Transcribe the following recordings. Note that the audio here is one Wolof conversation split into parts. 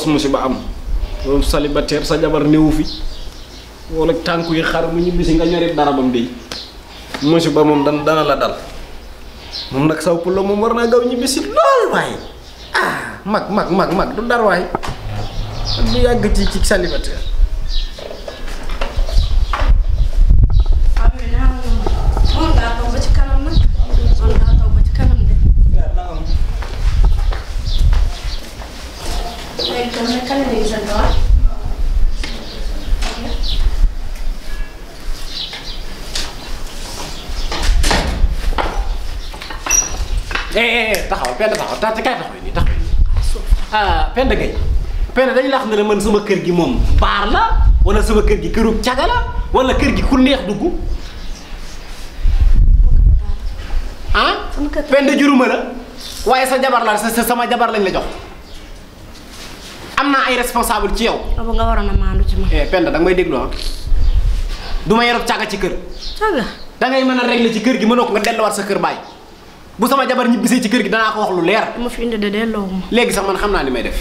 os musiba am loolu célibataire sa jabar néewu fi wala tànk yi xar mu ñibbisi nga ñorib dara bam day musiba moom dan dana la dal moom nag saw pour la moom war naa gaaw ñibbisi lool waaye ah, mag mag mag mag du dar waay du yàgg ci ci célibataire Eh, eh, eh, taxawal Penda taxawal ta kay taxawal nii taxawal nii ah Penda Gueye Penda dañ la xam ne la man sama kër gi moom baar la wala sama kër gi këru caga la wala kër gi ku neex dugg ah Penda juruma la waaye sa jabar la sa sama jabar lañ la jox am naa ay responsable ci yow. boobu ah, nga waroon a maandu ci man. pend da nga may déglu ah du ma yorob caga ci kër. caga da ngay mën a régler ci kër gi mënoo ko nga delluwaat sa kër bàyyi. bu sama jabar ñibbisee ci kër gi danaa ko wax lu leer. ma fi indi de delloo ma. léegi sax man xam naa li may def.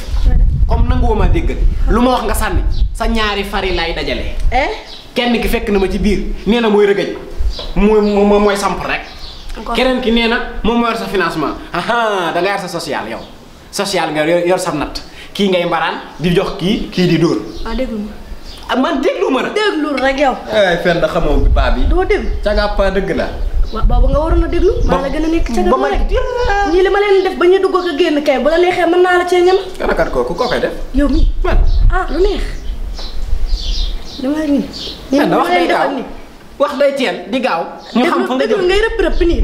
comme nanguwoo maa déggal lu ma wax nga sànni sa ñaari fari laay dajale. Eh? kenn ki fekk na ma ci biir nee na mooy rëgëj mooy mooy samp rek. keneen ki nee na moom moo yor sa financement ah da nga yor sa social yow. social nga yor sa natt kii ngay mbaraan di jox kii kii di dóor. ah déglu ma. Ah, man déglu ma déglu rek yow. ay eh, fenn xamoo bi baa bi. doo dégg. cagaapa dëgg la. waaw boobu nga waroon a déglu. maa la gën a nekk ca gàmm rek ñii li ma leen def ba ñuy dugg ko génn kay bu la neexee mën naa la cee ñam. kan ak kooku koo koy def. yow mi ah day gaaw wax day teel di gaaw. ñu xam fa nga jëm ngay rëpp rëpp nii.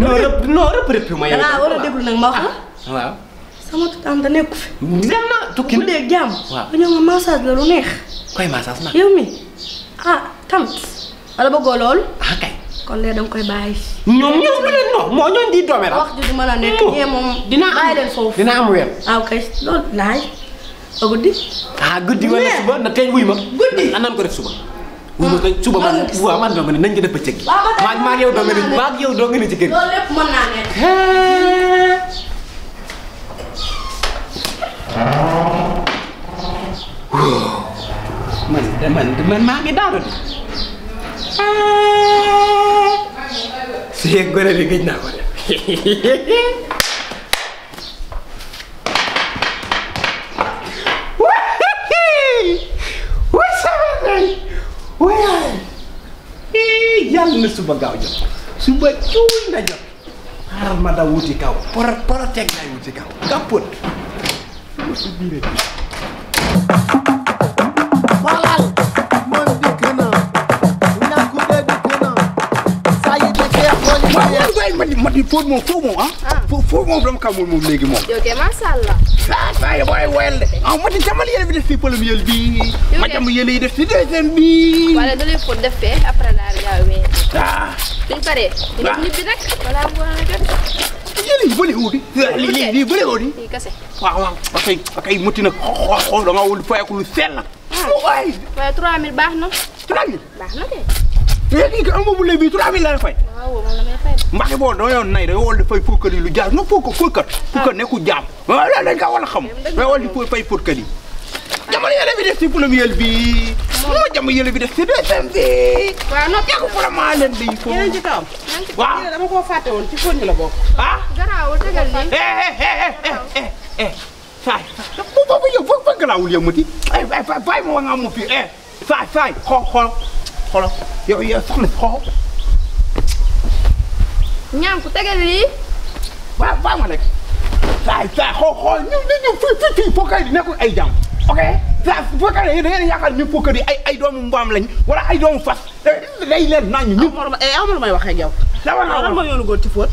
non déglu nag ma wax la. Ah, waaw. sama nekku fi. dem na tukki na bu dee jàmm. waaw ba ñëw ma massage la lu neex. koy massage nag yow mi ah tam wala bëggoo loolu. Ah, kon lee danga koy bàyyi. ñoom ñoom bu leen non moo ñooñu di doome la. wax ji du mën a nekk ñee am bàyyi leen ah, loolu laaj. ba guddi. ah suba na tey wuy ma. guddi anam ko def suba. wuy ma tey suba man waaw man ne nañ ko def ba cëgg. waaw maa ngi yow dong ci kër oh. man man man maa ngi su yeeg gone bi gëj naa ko def wa sama nay waay yàlla na suba gaaw jot suba cuuy na jot xaaral ma daw wuti kaw por proteg lay wuti kaw kàppoot su biiree bi fóot moom fóot moom ah. fóot dama ka moom moom léegi moom. yow kay macha allah. ah saa de. ah ma di jamal yële bi def si pëlum yële bi. ma jam yële yi def si def fee après daal yaa wee. ah. suñ paree. waaw nit ñi nag wala mu a yi bële wuti. lii lii bële waaw waaw ba kay ba kay mutti nag xool xool da ngaa wul fayeku lu sell. waaw baax na. 3000 baax na de. léegi que amoo bu léegi 3000 la fay. waaw man la may fay. mbaax boo doon yoon nay da nga war di fay pourkër yi lu jaar nga foo ko fëkkat. waaw fëkkat nekkul jaam. waaw loolu dañ kaa war a xam. dëgg la war di fay pourkër yi. jamono yële bi def si problème yële bi. moom mooy jamono yële bi def si deuxième bi. waaw non tegu vraiment leen di. foofu yéen a ngi ci taw. waaw yéen dama koo fàtte woon ci foñ la bokk. ah garaawul tegal nii. eh eh eh eh Faye. boobu yow foog foog garaawul yow mati. ay ay Faye ma wax nga amu fi eh Faye Faye xool xool xoolal yow yaa soxla xool. ñaam ku tegal lii. waaw waaw ma nekk. saay saay xool xool ñu ñu ñu fii fii fii fokkari di nekkul ay jàmm ok saa fokkari yi da ngeen yaakaar ñu fokkari ay ay doomu mbaam lañ wala ay doomu fas day leen naan ñu. amul lu may wax ak yow. dama la ma yoonu góor ci fóot.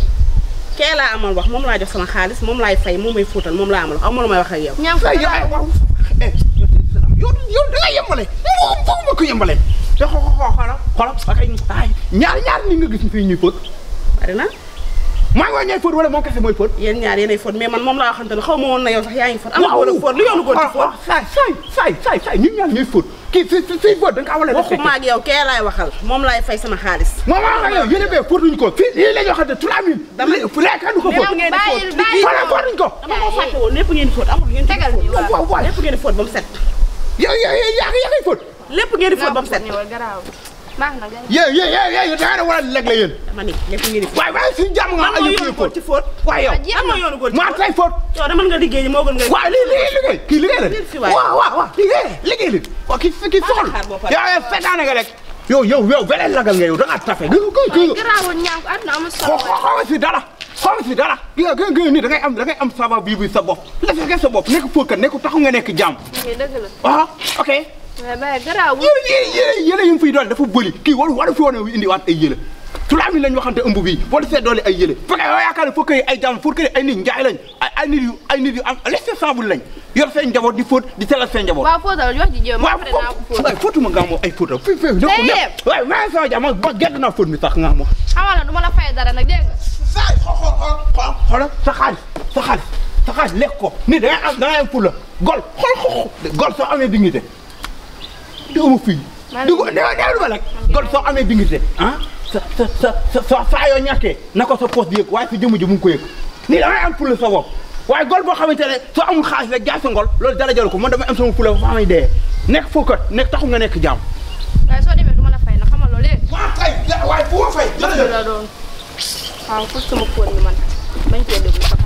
kee laa amal wax moom laa jox sama xaalis moom laay fay moom may fóotal moom laa amal wax amul lu may wax ak yow. ñaam ko yow yow da nga yembale. foofu ma ko yembale. te xo xolo xolo akay ay ñaar ñaar ni nga gis fii ñuy fóot bari na mooy mooy ñooy fóot wala moom kese mooy fóot yaa ngi fóot am ah, ah, sama xaalis moom laa yow ngeen di fóot waaw waaw lépp ngeen di ba mu set yow yow yaa ngi ngeen di fóot ba mu set. yéen yéen yéen yéen da ngeen a war a legle yéen. dama ne lépp ngeen di fóot waay waay suñu jàmm nga ay yëpp fóot ci fóot. waay yow am ah, nga yoonu góor ci fóot maa tey fóot. yow dama nga liggéey moo gën nga. waaw lii lii liggéey kii liggéey la de. waaw waaw waaw liggéey liggéey li waaw kii kii soxal yow yow fetaane nga rek. yow yow yow beneen lagal nga yow da ngaa tafe. gën dara xool si dara gi nga gën ni da ngay am da ngay am sabab bii bi sa bopp la fekkee sa bopp nekk fóotkat nekk taxu nga nekk jàmm. dëgg la ah ok. mais eh, mais garaawul. yéen yi mu fiy doon dafa bëri kii waru waru fi woon a indiwaat ay yéen trois mille lañ waxante ëmb bi wala doole ay yële fekkee yow yaakaar ne foo koy ay jàmm foo koy ay nit njaay lañ ay ay nit yu ay nit yu am responsable lañ yor seen njaboot di fóot di sellal seen njaboot. waaw fóotal wax ji jëm. waaw fóot waaw fóotuma nga xam ay fóotal. fii fii lépp lépp waaw maa ngi sama jàmm ma gedd naa fóot mi sax nga xam ma. xamal na du ma la fay dara nag dégg sa xaalis sa xaalis sa xaalis ko ni da ngay am da ngay am pour la gol xool xo xo gol dégg ma fii. dégg ma nag kon soo amee dignité ah sa sa sa sa saa yoo ñàkkee na ko sa poos di yëg waaye sa jëmm ji mu ngi ko yëg nii da ngay am fulla sa bopp waaye gol boo xamante ne soo amul xaalis rek jaay sa ngol loolu dara jaru ko man dama am sama fulla fa may dee nekk foo kat nekk taxu nga nekk jaam. waaye soo demee du ma la fay na xamal loolu léegi. waaw kay waaye bu ma fay. jërëjëf la doon waaw pour sama kóol mi man bañ cee déglu